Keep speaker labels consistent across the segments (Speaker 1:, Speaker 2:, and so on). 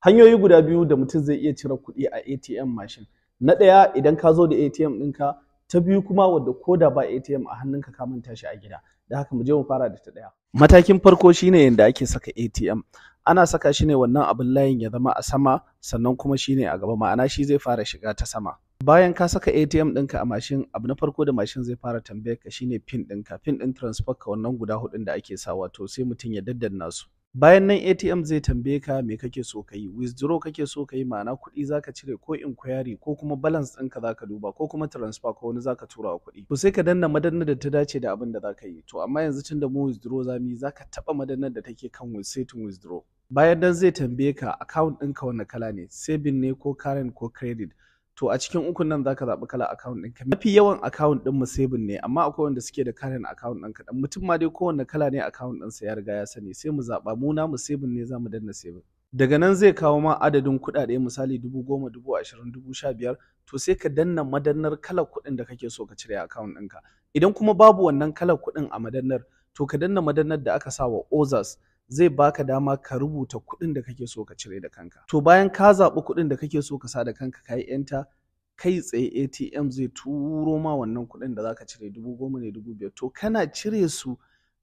Speaker 1: hanyoyi guda biyu da mutum zai iya cire kuɗi a ATM mashin na ɗaya idan ka zo da ATM ɗinka ta biyu kuma wadda ko da ba ATM a hannunka ka manta shi a gida da haka mu je mu fara da ta ɗaya matakin farko shine yadda ake saka ATM ana saka shi ne wannan abin layin ya zama a sama sannan kuma shine a gaba ma'ana shi zai fara shiga ta sama bayan ka saka ATM ɗinka a mashin abu na farko da mashin zai fara tambayar ka shine pin ɗinka pin ɗin transfer ka wannan guda huɗun da ake sa wato sai mutum ya daddanna su bayan nan ATM zai tambaye ka me kake so ka yi withdraw kake so ka yi ma'ana kuɗi zaka cire ko inquiry ko kuma balance ɗinka zaka duba ko kuma transfer ko wani zaka tura wa kuɗi to sai ka danna madannar da ta dace da abin da zaka yi to amma yanzu tun da mu withdraw zamu yi zaka taɓa madannar da take kan setting withdraw bayan nan zai tambaye ka account ɗinka wanne kala ne saving ne ko current ko credit to a cikin ukun nan zaka zaɓi kalar account ɗinka mafi yawan akawun ɗin musebin ne amma akwai wanda suke da current account ɗin kaɗan mutum ma dai kowanne kala ne account ɗinsa ya riga ya sani sai mu zaɓa mu na musebin ne zamu danna sebin daga nan zai kawo ma adadin kuɗaɗe misali dubu goma dubu ashirin dubu sha biyar to sai ka danna madannar kalar kuɗin da kake so ka cire account ɗinka idan kuma babu wannan kalar kuɗin a madannar to ka danna madannar da aka sa wa ozas zai baka dama ka rubuta kuɗin da kake so ka cire da kanka to bayan ka zaɓi kuɗin da kake so ka sa da kanka ka yi enter kai tsaye atm zai turo ma wannan kuɗin da zaka cire dubu goma ne dubu biyar to kana cire su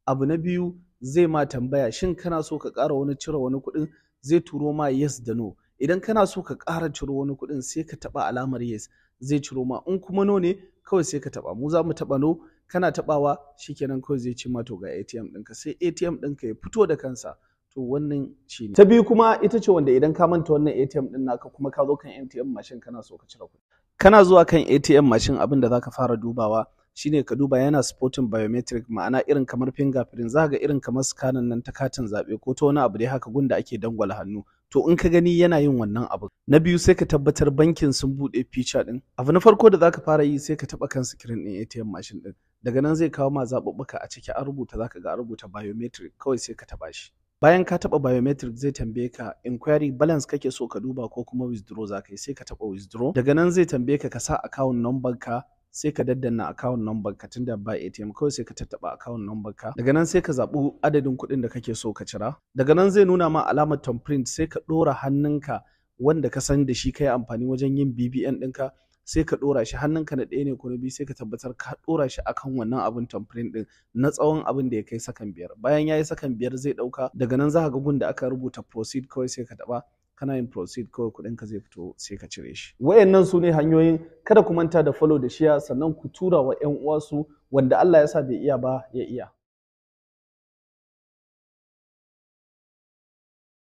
Speaker 1: abu na biyu zai ma tambaya shin kana so ka ƙara wani cire wani kuɗin zai turo ma yes da no idan kana so ka ƙara ciro wani kuɗin sai ka taɓa alamar yes zai ciro ma in kuma no ne kawai sai ka taba mu za mu taba no kana tabawa shikenan kawai zai ci ma to ga ATM ɗinka sai ATM ɗinka ya fito da kansa to wannan shi ne. Ta biyu kuma ita ce wanda idan ka manta wannan ATM ɗin naka kuma ka zo kan ATM mashin kana so ka cire kuɗi. Kana zuwa kan ATM mashin abin da zaka fara dubawa shine ka duba yana supporting biometric ma'ana irin kamar fingerprint za ga irin kamar scanner nan ta katin zaɓe ko ta wani abu dai haka gunda ake dangwala hannu to in ka gani yana yin wannan abu na biyu sai ka tabbatar bankin sun buɗe feature ɗin abu na farko da zaka fara yi sai ka taɓa kan sikirin ɗin ATM machine ɗin daga nan zai kawo ma zaɓuɓɓuka a ciki an rubuta zaka ga an rubuta biometric kawai sai ka taɓa shi bayan ka taɓa biometric zai tambaye ka inquiry balance kake so ka duba ko kuma withdraw zaka yi sai ka taba withdraw daga nan zai tambaye ka ka sa account number ka sai ka daddana account number ka tunda ba ATM kawai sai ka tattaba account number ka daga nan sai ka zaɓi adadin kuɗin da kake so ka cira daga nan zai nuna ma alamar thumbprint sai ka ɗora hannunka wanda ka san da shi kai amfani wajen yin BBN ɗinka sai ka ɗora shi hannunka na ɗaya ne ko na biyu sai ka tabbatar ka dora shi akan wannan abin thumbprint ɗin na tsawon abin da ya kai sakan biyar bayan ya yi sakan biyar zai ɗauka daga nan za ka ga gun da aka rubuta proceed kawai sai ka taɓa kana yin proceed kawai kuɗin ka zai fito sai ka cire shi wayannan su ne hanyoyin kada ku manta da follow da shiya sannan ku tura wa 'yan uwa su wanda Allah ya sa bai iya ba ya iya